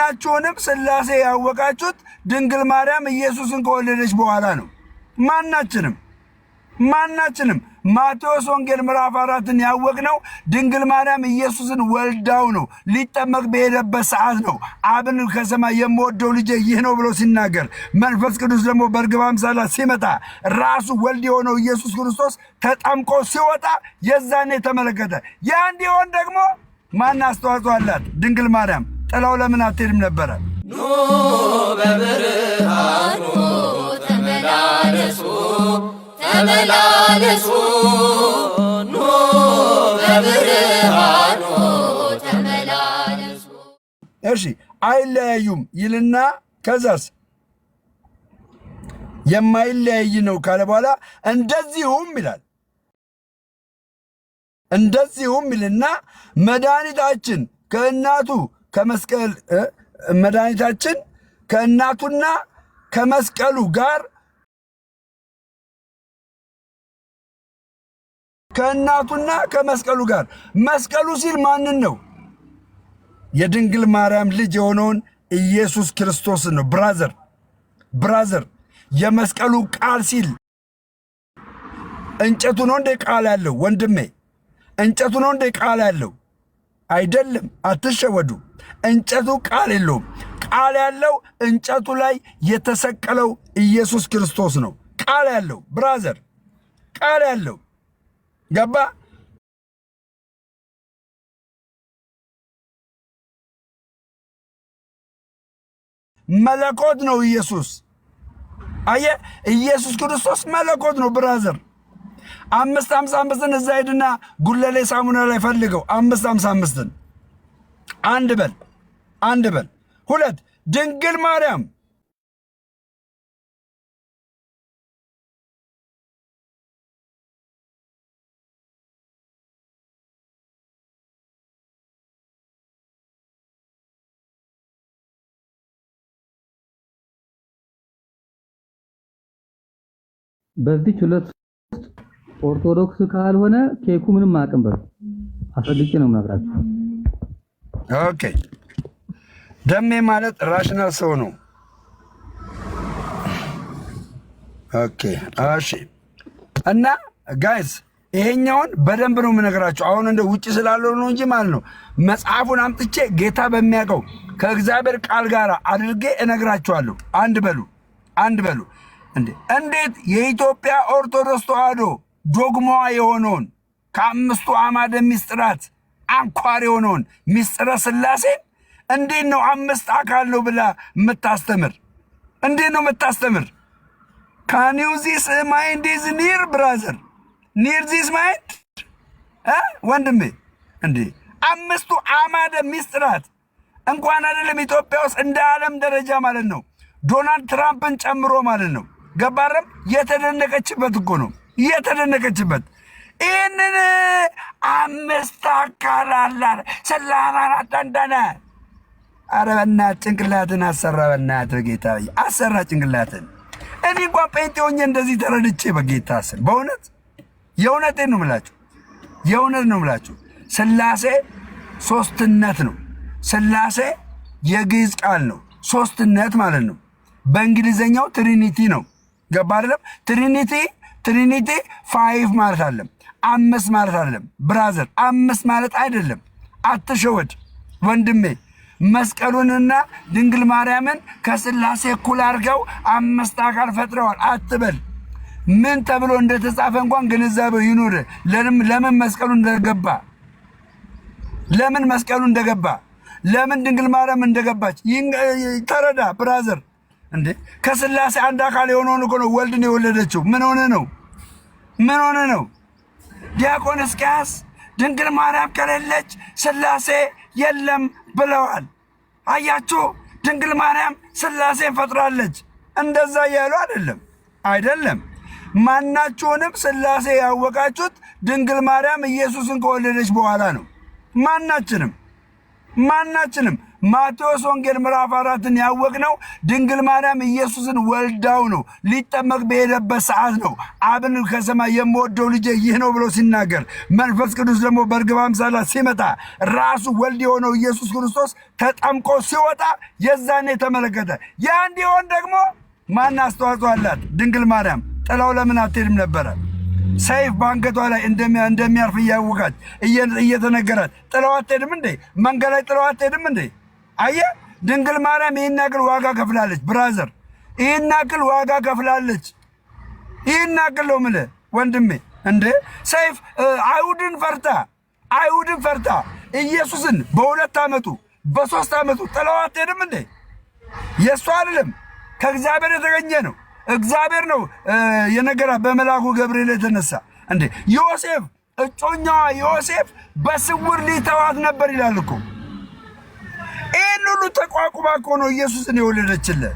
ማናቸውንም ስላሴ ያወቃችሁት ድንግል ማርያም ኢየሱስን ከወለደች በኋላ ነው። ማናችንም ማናችንም ማቴዎስ ወንጌል ምዕራፍ አራትን ያወቅነው ድንግል ማርያም ኢየሱስን ወልዳው ነው። ሊጠመቅ በሄደበት ሰዓት ነው። አብን ከሰማይ የምወደው ልጄ ይህ ነው ብሎ ሲናገር፣ መንፈስ ቅዱስ ደግሞ በርግብ አምሳል ሲመጣ ራሱ ወልድ የሆነው ኢየሱስ ክርስቶስ ተጠምቆ ሲወጣ የዛኔ ተመለከተ። ያ እንዲሆን ደግሞ ማን አስተዋጽኦ አላት? ድንግል ማርያም ጥላው ለምን አትሄድም ነበረ? ኑ በብርሃኑ ተመላለሱ ተመላለሱ ኑ በብርሃኑ ተመላለሱ። እሺ አይለያዩም ይልና ከዛስ የማይለያይ ነው ካለ በኋላ እንደዚሁም ይላል እንደዚሁም ይልና መድኃኒታችን ከእናቱ ከመስቀል መድኃኒታችን ከእናቱና ከመስቀሉ ጋር ከእናቱና ከመስቀሉ ጋር መስቀሉ ሲል ማንን ነው? የድንግል ማርያም ልጅ የሆነውን ኢየሱስ ክርስቶስን ነው። ብራዘር ብራዘር፣ የመስቀሉ ቃል ሲል እንጨቱ ነው እንደ ቃል ያለው ወንድሜ፣ እንጨቱ ነው እንደ ቃል ያለው አይደለም፣ አትሸወዱ። እንጨቱ ቃል የለውም። ቃል ያለው እንጨቱ ላይ የተሰቀለው ኢየሱስ ክርስቶስ ነው። ቃል ያለው ብራዘር፣ ቃል ያለው ገባ። መለኮት ነው ኢየሱስ። አየ፣ ኢየሱስ ክርስቶስ መለኮት ነው ብራዘር። አምስት አምሳ አምስትን እዛ ሄድና ጉለሌ ሳሙና ላይ ፈልገው አምስት አምሳ አምስትን አንድ በል አንድ በል ሁለት ድንግል ማርያም በዚህ ሁለት ኦርቶዶክስ ካልሆነ ኬኩ ምንም አቅም በሉ ነው የምነግራችሁ። ኦኬ ደሜ ማለት ራሽናል ሰው ነው። ኦኬ እሺ። እና ጋይስ ይሄኛውን በደንብ ነው የምነግራቸው። አሁን እንደ ውጭ ስላለው ነው እንጂ ማለት ነው መጽሐፉን አምጥቼ ጌታ በሚያውቀው ከእግዚአብሔር ቃል ጋር አድርጌ እነግራችኋለሁ። አንድ በሉ አንድ በሉ እንዴ! እንዴት የኢትዮጵያ ኦርቶዶክስ ተዋህዶ ዶግማዋ የሆነውን ከአምስቱ አማደ ሚስጥራት አንኳር የሆነውን ሚስጥረ ስላሴ እንዴት ነው አምስት አካል ነው ብላ የምታስተምር? እንዴት ነው የምታስተምር? ካኒውዚስ ማይንድ ዝ ኒር ብራዘር ኒር ዚስ ማይንድ ወንድሜ፣ እንዴ አምስቱ አማደ ሚስጥራት እንኳን አይደለም ኢትዮጵያ ውስጥ እንደ ዓለም ደረጃ ማለት ነው ዶናልድ ትራምፕን ጨምሮ ማለት ነው ገባረም የተደነቀችበት እኮ ነው። የተደነቀችበት ይህንን አምስት አካል አላት። ስላማራት አንዳነ አረ በእናትህ ጭንቅላትን አሰራ። በእናትህ በጌታ አሰራ ጭንቅላትን። እኔ እንኳ ጴንጤ ሆኜ እንደዚህ ተረድቼ በጌታ ስል በእውነት የእውነቴን ነው ምላችሁ የእውነት ነው ምላችሁ ስላሴ ሶስትነት ነው። ስላሴ የግዕዝ ቃል ነው፣ ሶስትነት ማለት ነው። በእንግሊዘኛው ትሪኒቲ ነው። ገባ አይደለም ትሪኒቲ ትሪኒቲ ፋይቭ ማለት አለም አምስት ማለት አይደለም። ብራዘር አምስት ማለት አይደለም። አትሸወድ ወንድሜ። መስቀሉንና ድንግል ማርያምን ከስላሴ እኩል አድርገው አምስት አካል ፈጥረዋል አትበል። ምን ተብሎ እንደተጻፈ እንኳን ግንዛቤው ይኑር። ለምን መስቀሉ እንደገባ ለምን መስቀሉ እንደገባ ለምን ድንግል ማርያም እንደገባች ተረዳ ብራዘር። እንዴ ከስላሴ አንድ አካል የሆነውን እኮ ነው ወልድን የወለደችው። ምን ሆነ ነው? ምን ሆነ ነው? ዲያቆን እስቅያስ ድንግል ማርያም ከሌለች ስላሴ የለም ብለዋል። አያችሁ፣ ድንግል ማርያም ስላሴን ፈጥራለች። እንደዛ እያሉ አይደለም አይደለም። ማናችሁንም ስላሴ ያወቃችሁት ድንግል ማርያም ኢየሱስን ከወለደች በኋላ ነው። ማናችንም ማናችንም ማቴዎስ ወንጌል ምዕራፍ አራትን ያወቅነው ድንግል ማርያም ኢየሱስን ወልዳው ነው። ሊጠመቅ በሄደበት ሰዓት ነው። አብን ከሰማይ የምወደው ልጄ ይህ ነው ብሎ ሲናገር፣ መንፈስ ቅዱስ ደግሞ በርግብ አምሳላ ሲመጣ ራሱ ወልድ የሆነው ኢየሱስ ክርስቶስ ተጠምቆ ሲወጣ የዛኔ ተመለከተ። ያ እንዲሆን ደግሞ ማን አስተዋጽኦ አላት? ድንግል ማርያም ጥላው ለምን አትሄድም ነበረ? ሰይፍ በአንገቷ ላይ እንደሚያርፍ እያወቃት እየተነገራት ጥላው አትሄድም እንዴ? መንገድ ላይ ጥላው አትሄድም እንዴ? አየ ድንግል ማርያም ይህን ያክል ዋጋ ከፍላለች። ብራዘር ይህን ያክል ዋጋ ከፍላለች። ይህን ያክል ነው ምለ ወንድሜ። እንዴ ሰይፍ አይሁድን ፈርታ አይሁድን ፈርታ ኢየሱስን በሁለት ዓመቱ በሶስት ዓመቱ ጥላው አትሄድም እንዴ? የእሱ አይደለም ከእግዚአብሔር የተገኘ ነው። እግዚአብሔር ነው የነገራ በመልአኩ ገብርኤል የተነሳ እንዴ ዮሴፍ እጮኛዋ ዮሴፍ በስውር ሊተዋት ነበር ይላል እኮ ይህን ሁሉ ተቋቁማ እኮ ነው ኢየሱስን የወለደችልህ።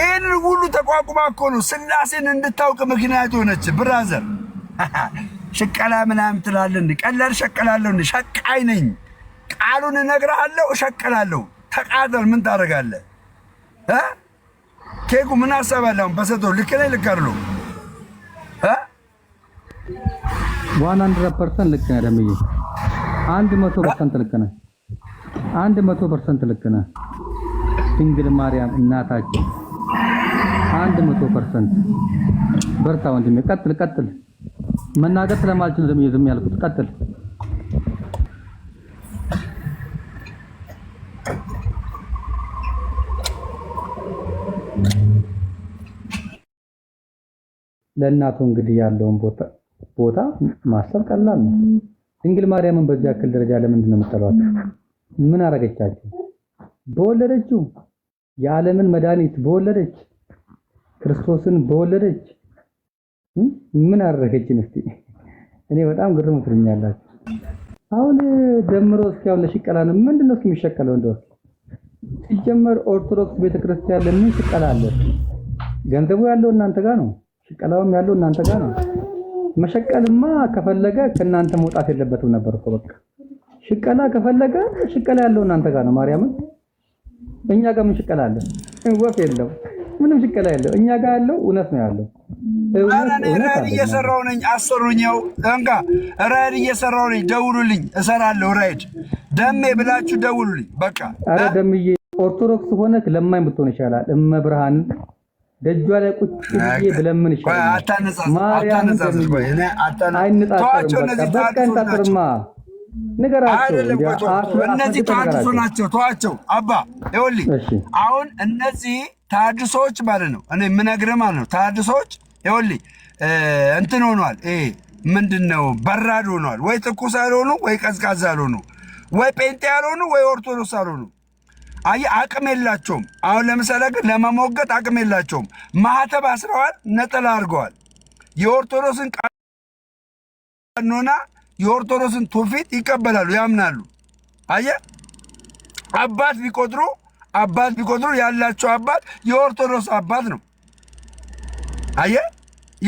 ይህን ሁሉ ተቋቁማ እኮ ነው ስላሴን እንድታውቅ ምክንያት የሆነች። ብራዘር ሽቀላ ምናምን ትላለህ እንደ ቀላል ሸቀላለሁ ሸቃይ ነኝ። ቃሉን እነግርሃለሁ፣ እሸቀላለሁ። ተቃጠል። ምን ታደርጋለህ? ኬኩ ምን ሀሳብ በሰቶ ልክ ነኝ ልክ ዋን ሀንድረድ ፐርሰንት ልክ ነህ። ደምዬ አንድ መቶ ፐርሰንት ልክ ነህ። አንድ መቶ ፐርሰንት ልክ ነህ። ድንግል ማርያም እናታችን አንድ መቶ ፐርሰንት በርታ ወንድሜ። ቀጥል ቀጥል። መናገር ስለማልችል ዝም ዝም ያልኩት ቀጥል። ለእናቱ እንግዲህ ያለውን ቦታ ማሰብ ቀላል ነው። ድንግል ማርያምን በዚህ ያክል ደረጃ ለምንድን ነው የምጠሏት? ምን አረገቻችሁ? በወለደችው የዓለምን መድኃኒት በወለደች ክርስቶስን በወለደች ምን አደረገችን? እስቲ እኔ በጣም ግርም ትሉኛላችሁ። አሁን ደምሮ እስኪ አሁን ለሽቀላ ነው ምንድነው እስኪ የሚሸቀለው? እንደው ሲጀመር ኦርቶዶክስ ቤተክርስቲያን ለምን ሽቀላ አለ? ገንዘቡ ያለው እናንተ ጋር ነው፣ ሽቀላውም ያለው እናንተ ጋር ነው። መሸቀልማ ከፈለገ ከእናንተ መውጣት የለበትም ነበር እኮ በቃ ሽቀላ ከፈለገ ሽቀላ ያለው እናንተ ጋር ነው። ማርያምን እኛ ጋር ምን ሽቀላ አለ? ወፍ የለው፣ ምንም ሽቀላ የለው። እኛ ጋር ያለው እውነት ነው ያለው። ራድ እየሰራው ነኝ። አሰሩኛው እንካ ራድ እየሰራው ነኝ። ደውሉልኝ፣ እሰራለሁ። ራድ ደሜ ብላችሁ ደውሉልኝ። በቃ አረ ደምዬ ኦርቶዶክስ ሆነህ ለማኝ ብትሆን ይሻላል። እመብርሃን ደጇ ላይ ቁጭ ብዬ ብለምን ይሻላል። ማርያምን አይነጣጠርም። በቃ እንጣጥርማ ንገራቸው። እነዚህ ናቸው። ተዋቸው አባ ይወል አሁን እነዚህ ተሃድሶች ማለት ነው እኔ የምነግርህ ማለት ነው። ተሃድሶች እንትን ሆኗል። ምንድን ነው በራድ ሆኗል። ወይ ትኩስ አልሆኑ፣ ወይ አልሆኑ፣ ወይ ጴንጤ አልሆኑ፣ ወይ ኦርቶዶክስ አልሆኑ። አይ አቅም የላቸውም። አሁን ለምሳሌ ግን ለመሞገት አቅም የላቸውም። ማህተብ አስረዋል፣ ነጠላ አድርገዋል። የኦርቶዶክስን ቀኖና የኦርቶዶክስን ትውፊት ይቀበላሉ፣ ያምናሉ። አየ አባት ቢቆጥሩ አባት ቢቆጥሩ ያላቸው አባት የኦርቶዶክስ አባት ነው። አየ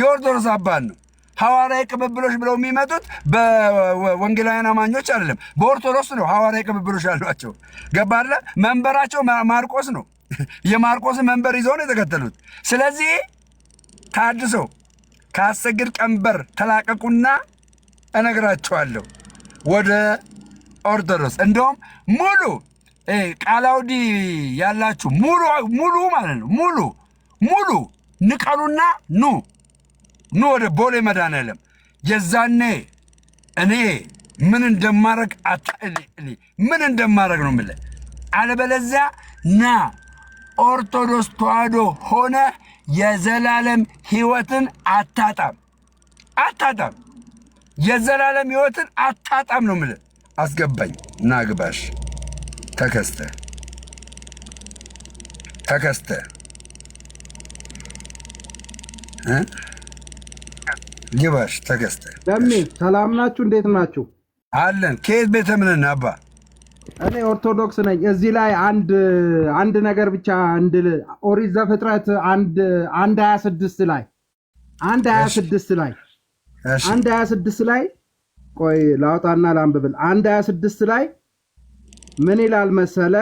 የኦርቶዶክስ አባት ነው። ሐዋርያዊ ቅብብሎች ብለው የሚመጡት በወንጌላውያን አማኞች አይደለም፣ በኦርቶዶክስ ነው። ሐዋርያዊ ቅብብሎች ያሏቸው ገባለ። መንበራቸው ማርቆስ ነው። የማርቆስን መንበር ይዘው ነው የተከተሉት። ስለዚህ ታድሰው ከአሰግድ ቀንበር ተላቀቁና እነግራቸዋለሁ ወደ ኦርቶዶክስ እንደውም ሙሉ ቃላውዲ ያላችሁ ሙሉ ሙሉ ማለት ነው። ሙሉ ሙሉ ንቀሉና ኑ ኑ ወደ ቦሌ መድኃኔዓለም የዛኔ እኔ ምን እንደማረግ ምን እንደማረግ ነው ምለ አለበለዚያ ና ኦርቶዶክስ ተዋህዶ ሆነ የዘላለም ህይወትን አታጣም አታጣም። የዘላለም ህይወትን አጣጣም ነው ምል አስገባኝ ናግባሽ ተከስተ ተከስተ ግባሽ ተከስተ ለሚ ሰላም ናችሁ? እንዴት ናችሁ? አለን። ከየት ቤተ እምነት አባ? እኔ ኦርቶዶክስ ነኝ። እዚህ ላይ አንድ አንድ ነገር ብቻ እንድ ኦሪት ዘፍጥረት አንድ አንድ ሀያ ስድስት ላይ አንድ ሀያ ስድስት ላይ አንድ ሀያ ስድስት ላይ ቆይ ላውጣና ላንብብል። አንድ ሀያ ስድስት ላይ ምን ይላል መሰለ?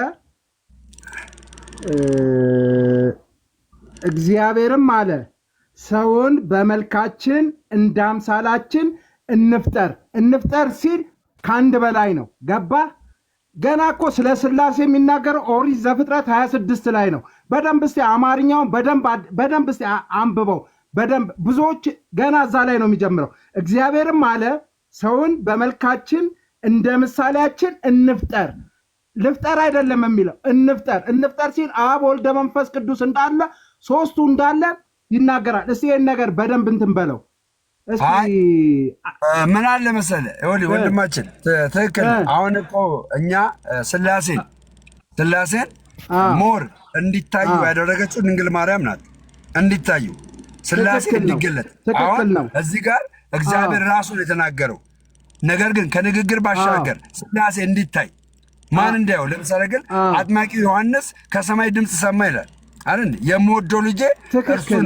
እግዚአብሔርም አለ ሰውን በመልካችን እንደ አምሳላችን እንፍጠር። እንፍጠር ሲል ከአንድ በላይ ነው። ገባ? ገና እኮ ስለ ስላሴ የሚናገር ኦሪት ዘፍጥረት 26 ላይ ነው። በደንብ እስቲ አማርኛውን በደንብ እስቲ አንብበው። በደንብ ብዙዎች ገና እዛ ላይ ነው የሚጀምረው። እግዚአብሔርም አለ ሰውን በመልካችን እንደ ምሳሌያችን እንፍጠር። ልፍጠር አይደለም የሚለው እንፍጠር። እንፍጠር ሲል አብ ወልደ መንፈስ ቅዱስ እንዳለ ሶስቱ እንዳለ ይናገራል። እስ ይህን ነገር በደንብ እንትን በለው ምን አለ መሰለህ ወንድማችን፣ ትክክል። አሁን እኮ እኛ ስላሴን ስላሴን ሞር እንዲታዩ ያደረገችው ድንግል ማርያም ናት እንዲታዩ ስላሴ እንዲገለጥ አሁን እዚህ ጋር እግዚአብሔር ራሱ ነው የተናገረው። ነገር ግን ከንግግር ባሻገር ስላሴ እንዲታይ ማን እንዳየው። ለምሳሌ ግን አጥማቂ ዮሐንስ ከሰማይ ድምፅ ሰማ ይላል አይደል? የምወደው ልጄ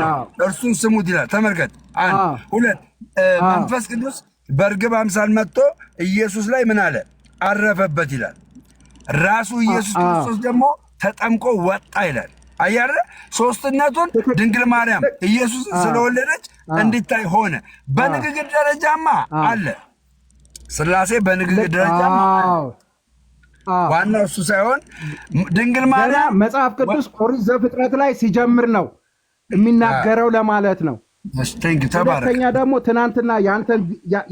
ነው እርሱን ስሙት ይላል። ተመልከት። አንድ ሁለት መንፈስ ቅዱስ በእርግብ አምሳል መጥቶ ኢየሱስ ላይ ምን አለ? አረፈበት ይላል። ራሱ ኢየሱስ ክርስቶስ ደግሞ ተጠምቆ ወጣ ይላል። አያረ ሶስትነቱን ድንግል ማርያም ኢየሱስ ስለወለደች እንዲታይ ሆነ። በንግግር ደረጃማ አለ ስላሴ በንግግር ደረጃማ ዋና እሱ ሳይሆን ድንግል ማርያም መጽሐፍ ቅዱስ ኦሪት ዘፍጥረት ላይ ሲጀምር ነው የሚናገረው ለማለት ነው። ሁለተኛ ደግሞ ትናንትና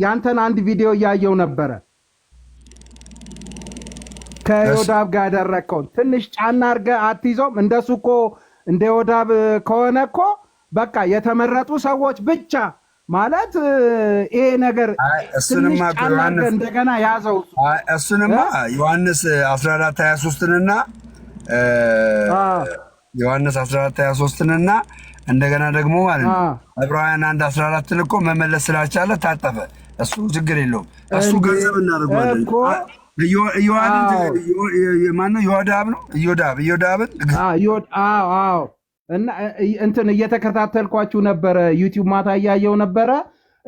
ያንተን አንድ ቪዲዮ እያየው ነበረ ከዮዳብ ጋር ያደረግከውን ትንሽ ጫና አድርገህ አትይዘውም? እንደሱ እኮ እንደ ዮዳብ ከሆነ እኮ በቃ የተመረጡ ሰዎች ብቻ ማለት ይሄ ነገር ትንሽ እንደገና ያዘው። እሱንማ ዮሐንስ 14 23ንና ዮሐንስ 14 23ንና እንደገና ደግሞ ማለት ነው ዕብራውያን አንድ 14 ልኮ መመለስ ስላልቻለ ታጠፈ። እሱ ችግር የለውም። እሱ ገንዘብ እናደርጓለን ማነው ዮዳብ ነው ዮዳብ ዮዳብን እና እንትን እየተከታተልኳችሁ ነበረ። ዩቲዩብ ማታ እያየው ነበረ።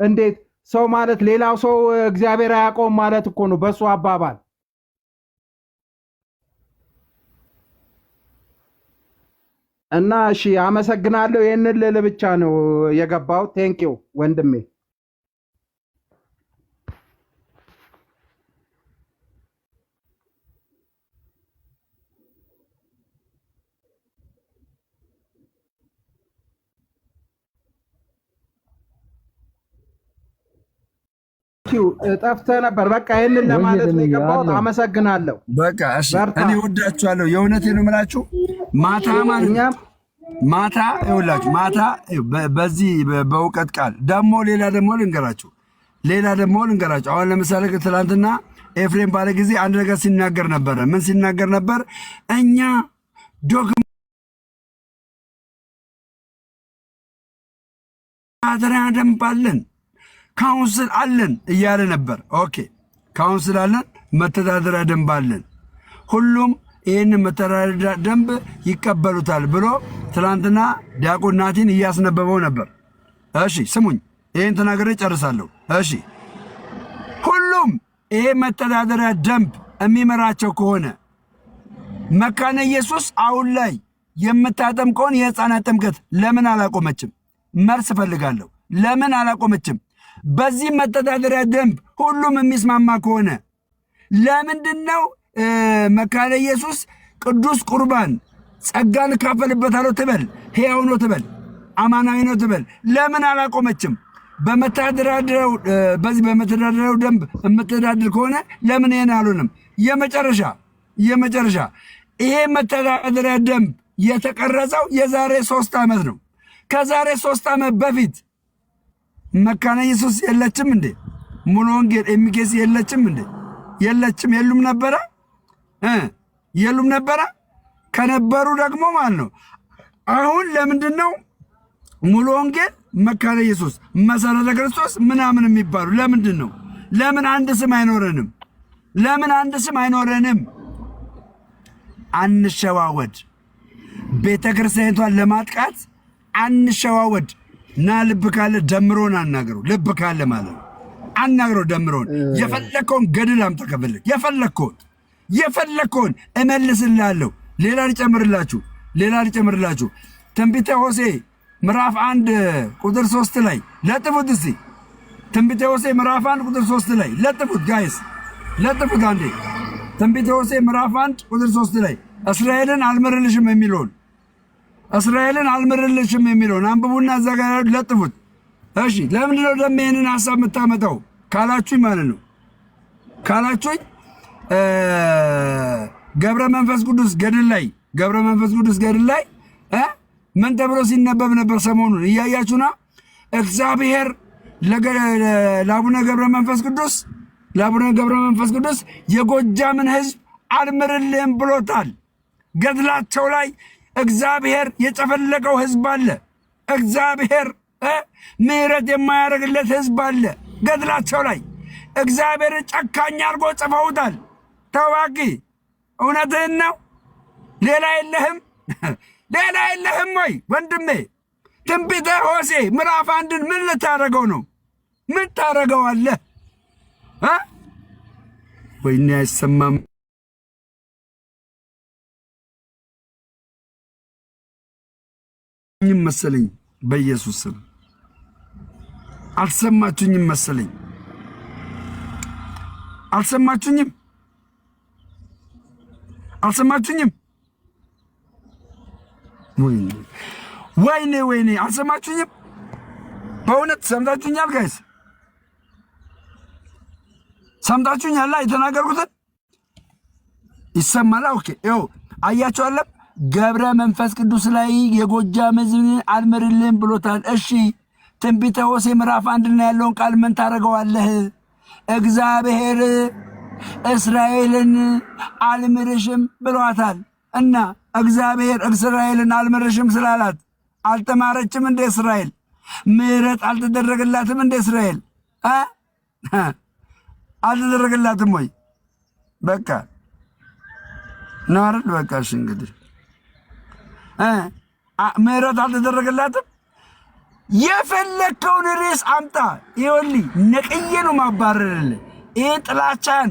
እንዴት ሰው ማለት ሌላው ሰው እግዚአብሔር አያውቀውም ማለት እኮ ነው በእሱ አባባል። እና እሺ አመሰግናለሁ። ይህንን ልል ብቻ ነው የገባው። ቴንኪው ወንድሜ። ጠፍተህ ነበር። በቃ ይህንን ለማለት ነው የገባሁት። አመሰግናለሁ። በቃ እሺ፣ እኔ ወዳችኋለሁ። የእውነት ነው የምላችሁ። ማታ ማለት ማታ ይኸውላችሁ፣ ማታ በዚህ በእውቀት ቃል ደግሞ ሌላ ደግሞ ልንገራችሁ፣ ሌላ ደግሞ ልንገራችሁ። አሁን ለምሳሌ ትላንትና ኤፍሬም ባለ ጊዜ አንድ ነገር ሲናገር ነበረ። ምን ሲናገር ነበር? እኛ ዶግማ አደራ ደንባለን ካውንስል አለን እያለ ነበር። ኦኬ ካውንስል አለን፣ መተዳደሪያ ደንብ አለን፣ ሁሉም ይህን መተዳደሪያ ደንብ ይቀበሉታል ብሎ ትናንትና ዲያቆን ናቲን እያስነበበው ነበር። እሺ ስሙኝ፣ ይህን ተናግሬ ጨርሳለሁ። እሺ ሁሉም ይሄ መተዳደሪያ ደንብ የሚመራቸው ከሆነ መካነ ኢየሱስ አሁን ላይ የምታጠምቀውን የህፃናት ጥምቀት ለምን አላቆመችም? መልስ እፈልጋለሁ። ለምን አላቆመችም? በዚህ መተዳደሪያ ደንብ ሁሉም የሚስማማ ከሆነ ለምንድን ነው መካነ ኢየሱስ ቅዱስ ቁርባን ጸጋን እካፈልበታለሁ ትበል፣ ሕያው ነው ትበል፣ አማናዊ ነው ትበል? ለምን አላቆመችም? በመተዳደሪያው በዚህ በመተዳደሪያው ደንብ የምተዳድር ከሆነ ለምን ይሄን አሉንም? የመጨረሻ የመጨረሻ ይሄ መተዳደሪያ ደንብ የተቀረጸው የዛሬ ሶስት ዓመት ነው። ከዛሬ ሶስት ዓመት በፊት መካነ ኢየሱስ የለችም እንዴ? ሙሉ ወንጌል ኤሚኬስ የለችም እንዴ? የለችም። የሉም ነበረ የሉም ነበረ። ከነበሩ ደግሞ ማለት ነው። አሁን ለምንድን ነው ሙሉ ወንጌል መካነ ኢየሱስ መሰረተ ክርስቶስ ምናምን የሚባሉ ለምንድን ነው? ለምን አንድ ስም አይኖረንም? ለምን አንድ ስም አይኖረንም? አንሸዋወድ። ቤተ ክርስቲያኒቷን ለማጥቃት አንሸዋወድ። ና ልብ ካለ ደምሮን አናግረው። ልብ ካለ ማለት ነው አናግረው ደምሮን። የፈለግከውን ገድል አምጣ የፈለግከውን የፈለግከውን እመልስላለሁ። ሌላ ልጨምርላችሁ ሌላ ልጨምርላችሁ ትንቢተ ሆሴ ምዕራፍ አንድ ቁጥር ሶስት ላይ ለጥፉት እስቲ ትንቢተ ሆሴ ምዕራፍ አንድ ቁጥር ሶስት ላይ ለጥፉት ጋይስ ለጥፉት አንዴ ትንቢተ ሆሴ ምዕራፍ አንድ ቁጥር ሶስት ላይ እስራኤልን አልምርልሽም የሚለውን እስራኤልን አልምርልሽም የሚለውን አንብቡና እዛ ጋር ለጥፉት። እሺ ለምንድን ነው ደግሞ ይህንን ሀሳብ የምታመጣው ካላችሁኝ ማለት ነው ካላችሁኝ ገብረ መንፈስ ቅዱስ ገድል ላይ ገብረ መንፈስ ቅዱስ ገድል ላይ ምን ተብሎ ሲነበብ ነበር? ሰሞኑን እያያችሁና እግዚአብሔር ለአቡነ ገብረ መንፈስ ቅዱስ ለአቡነ ገብረ መንፈስ ቅዱስ የጎጃምን ህዝብ አልምርልህም ብሎታል። ገድላቸው ላይ እግዚአብሔር የጨፈለገው ህዝብ አለ። እግዚአብሔር ምሕረት የማያደርግለት ህዝብ አለ። ገድላቸው ላይ እግዚአብሔር ጨካኝ አድርጎ ጽፈውታል። ተዋጊ እውነትህን ነው። ሌላ የለህም፣ ሌላ የለህም ወይ ወንድሜ? ትንቢተ ሆሴ ምዕራፍ አንድን ምን ልታደረገው ነው? ምን ታደርገዋለህ? ወይኔ አይሰማም። አልሰማችሁኝም መሰለኝ በኢየሱስ ስም አልሰማችሁኝም መሰለኝ አልሰማችሁኝም አልሰማችሁኝም ወይኔ ወይኔ አልሰማችሁኝም በእውነት ሰምታችሁኛል ጋይስ ሰምታችሁኛል ላይ የተናገርኩትን ይሰማል ኦኬ ይኸው አያችሁ አለም ገብረ መንፈስ ቅዱስ ላይ የጎጃም ሕዝብን አልምርልን ብሎታል። እሺ ትንቢተ ሆሴዕ ምዕራፍ አንድና ያለውን ቃል ምን ታደርገዋለህ? እግዚአብሔር እስራኤልን አልምርሽም ብሏታል እና እግዚአብሔር እስራኤልን አልምርሽም ስላላት አልተማረችም እንደ እስራኤል ምሕረት አልተደረገላትም እንደ እስራኤል አልተደረገላትም ወይ? በቃ ናርል በቃ እሺ እንግዲህ ምህረት አልተደረገላትም። የፈለግከውን ርዕስ አምጣ። ይኸውልህ ነቅዬ ነው ማባረርልህ። ይህ ጥላቻን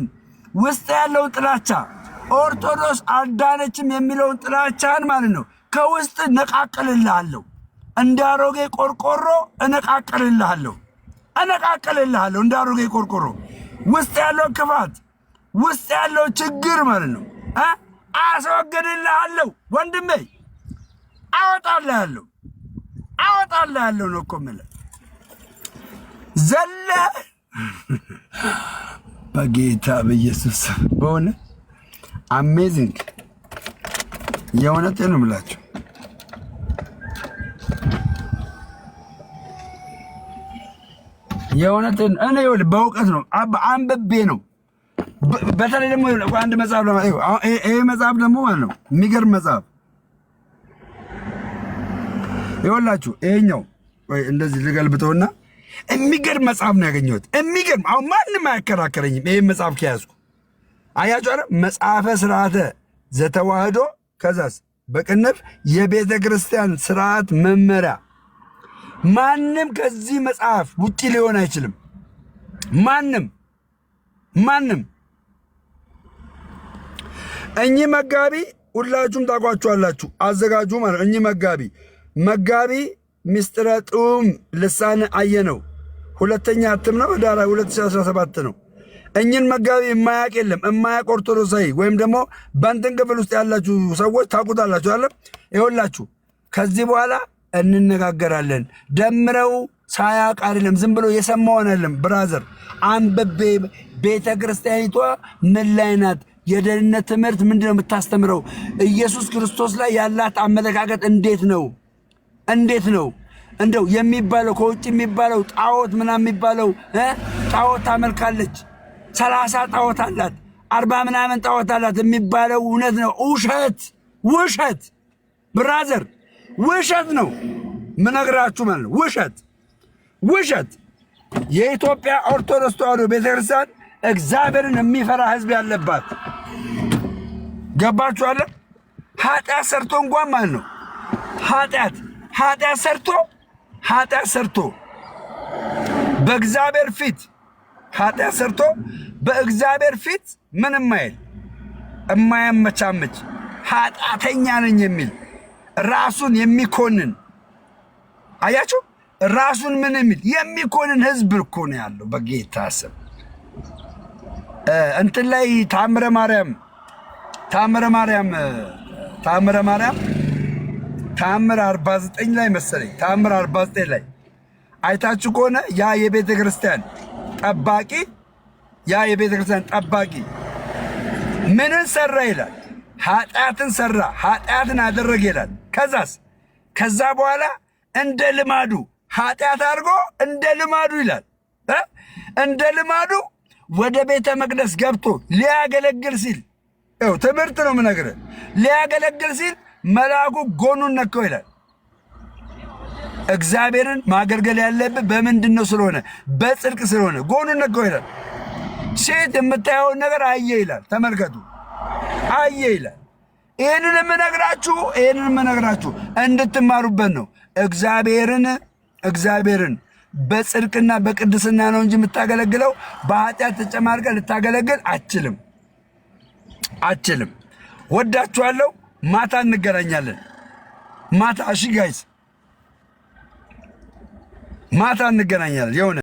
ውስጥ ያለውን ጥላቻ ኦርቶዶክስ አልዳነችም የሚለውን ጥላቻን ማለት ነው ከውስጥ ነቃቅልልሃለሁ። እንደ አሮጌ ቆርቆሮ እነቃቅልልሃለሁ እነቃቅልልሃለሁ እንደ አሮጌ ቆርቆሮ ውስጥ ያለው ክፋት ውስጥ ያለው ችግር ማለት ነው አስወግድልሃለሁ ወንድሜ። አወጣልሃለሁ አወጣልሃለሁ ነው እኮ የምልህ። ዘለ በጌታ በኢየሱስ በሆነ አሜዚንግ የእውነቴ ነው የምላቸው። የእውነት እኔ ይኸውልህ በእውቀት ነው አንብቤ ነው። በተለይ ደግሞ አንድ መጽሐፍ ይሄ መጽሐፍ ደግሞ ማለት ነው የሚገርም መጽሐፍ ይወላችሁ ይሄኛው ወይ እንደዚህ ልገልብጠውና የሚገርም መጽሐፍ ነው ያገኘሁት። የሚገርም አሁን ማንም አያከራከረኝም። ይህም መጽሐፍ ከያዝኩ አያችሁ አይደል? መጽሐፈ ስርዓተ ዘተዋህዶ ከዛስ በቅንፍ የቤተ ክርስቲያን ስርዓት መመሪያ። ማንም ከዚህ መጽሐፍ ውጪ ሊሆን አይችልም። ማንም ማንም እኚህ መጋቢ ሁላችሁም ታውቋቸዋላችሁ። አዘጋጁ ማለት እኚህ መጋቢ መጋቢ ምስጢረ ጥዑም ልሳነ አየነው ሁለተኛ እትም ነው፣ ዳራ 2017 ነው። እኝን መጋቢ የማያቅ የለም የማያቅ ኦርቶዶክሳዊ ወይም ደግሞ በንትን ክፍል ውስጥ ያላችሁ ሰዎች ታውቁታላችሁ። አለ ይሆላችሁ። ከዚህ በኋላ እንነጋገራለን። ደምረው ሳያቅ አይደለም ዝም ብሎ የሰማውን አይደለም። ብራዘር አንብቤ ቤተ ክርስቲያኒቷ ምን ላይ ናት? የደህንነት ትምህርት ምንድነው የምታስተምረው? ኢየሱስ ክርስቶስ ላይ ያላት አመለካከት እንዴት ነው? እንዴት ነው እንደው የሚባለው ከውጭ የሚባለው ጣዖት ምናምን የሚባለው ጣዖት ታመልካለች፣ ሰላሳ ጣዖት አላት፣ አርባ ምናምን ጣዖት አላት የሚባለው እውነት ነው? ውሸት ውሸት፣ ብራዘር ውሸት ነው ምነግራችሁ ማለት ነው። ውሸት ውሸት። የኢትዮጵያ ኦርቶዶክስ ተዋሕዶ ቤተክርስቲያን እግዚአብሔርን የሚፈራ ሕዝብ ያለባት ገባችኋለ? ኃጢአት ሰርቶ እንኳን ማለት ነው ኃጢአት ኃጢአት ሰርቶ ኃጢአት ሰርቶ በእግዚአብሔር ፊት ኃጢአት ሰርቶ በእግዚአብሔር ፊት ምን የማይል የማያመቻመች ኃጢአተኛ ነኝ የሚል ራሱን የሚኮንን አያችሁ፣ ራሱን ምን የሚል የሚኮንን ህዝብ እኮ ነው ያለው። በጌታ ስም እንትን ላይ ታምረ ማርያም ታምረ ማርያም ታምረ ማርያም ታምር 49 ላይ መሰለኝ ታምር 49 ላይ አይታችሁ ከሆነ ያ የቤተ ክርስቲያን ጠባቂ ያ የቤተ ክርስቲያን ጠባቂ ምንን ሰራ ይላል? ኃጢአትን ሰራ፣ ኃጢአትን አደረገ ይላል። ከዛስ ከዛ በኋላ እንደ ልማዱ ኃጢአት አድርጎ እንደ ልማዱ ይላል እንደ ልማዱ ወደ ቤተ መቅደስ ገብቶ ሊያገለግል ሲል ትምህርት ነው የምነግርህ ሊያገለግል ሲል መልአኩ ጎኑን ነከው ይላል። እግዚአብሔርን ማገልገል ያለብህ በምንድን ነው? ስለሆነ በጽድቅ ስለሆነ ጎኑን ነከው ይላል። ሴት የምታየውን ነገር አየ ይላል። ተመልከቱ፣ አየ ይላል። ይህንን የምነግራችሁ ይህንን የምነግራችሁ እንድትማሩበት ነው። እግዚአብሔርን እግዚአብሔርን በጽድቅና በቅድስና ነው እንጂ የምታገለግለው በኃጢአት ተጨማርቀ ልታገለግል አችልም አችልም። ወዳችኋለሁ። ማታ እንገናኛለን። ማታ እሺ ጋይስ፣ ማታ እንገናኛለን የሆነ